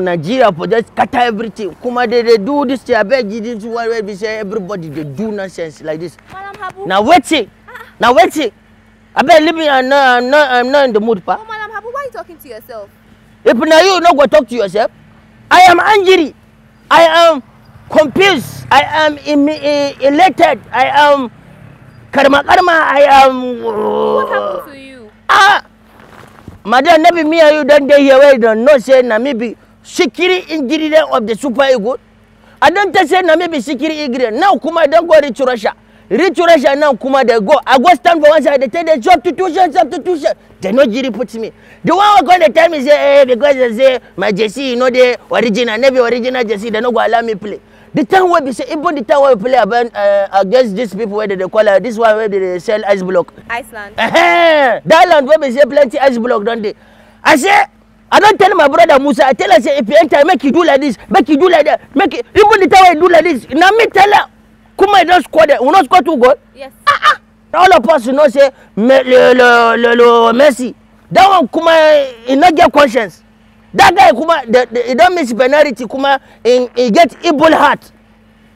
Nigeria for just cut everything. Kuma they, they do this, I beg you this one We say everybody they do nonsense like this. Now wait it. Ah. Now wait it. I beg leave me, I'm not, I'm not, I'm not in the mood, pa. Oh, Madam Habu, why are you talking to yourself? If now you not go talk to yourself, I am angry. I am confused. I am elated. I am karma karma. I am. what happened to you? Ah, madam, never me and you don't get here. Wait, don't know say na maybe sikiri ingredient of the super ego adan ta sai na maybe sikiri ingredient now kuma dan go rich russia rich russia now kuma they go i go stand for one side they tell the substitution substitution they no giri put me the one who going to tell me say hey, eh, because they say my jersey you know, the original no original jersey they no go allow me play the time wey be say even the time wey we play about, uh, against these people where they call uh, this one where they sell ice block. iceland. Uh -huh. that land wey be say plenty ice block don't they? i say I don't tell my brother Musa. I tell her, say, if you enter, make you do like this, make you do like that, make you, even the time I do like this. Now me tell her, come on, don't score there. We not score two goals. Yes. Ah, ah. All of us, you know, say, me, le, le, le, le, Messi. That one, Kuma, he not get conscience. That guy, Kuma, the, the, he don't miss penalty, Kuma, he, he get evil heart.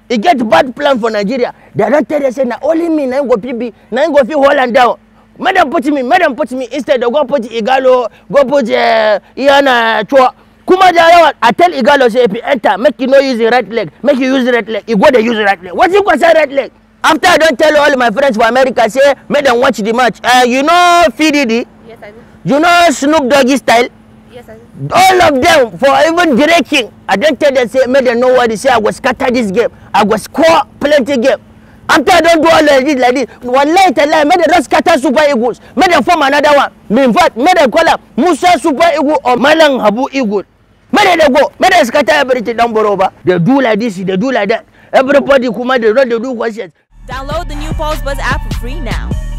He get bad plan for Nigeria. They don't tell her, say, now only me, na go PB, na go fit Holland down make dem put me make dem put me instead of go put igalo go put uh, iana chua kuma da i tell igalo say if you enter make you no use the right leg make you use the right leg you go to use the right leg you wetin say right leg after i don't tell all my friends for america say make dem watch the match uh, you know fdd yes, I do. you know snoop doggy style yes, I do. all of them for even drinking i don't tell them say make know what they say i go scatter this game i go score plenty game After I don't do all like this, like this, later tallahi, may they just scatter super eagles. May they form another one. In fact, may they call up Musa super eagle or Malang Habu eagle. May they go, may they scatter everything down below. They do like this, they do like that. Everybody come out, they run, they do questions. Download the new Pulse Buzz app for free now.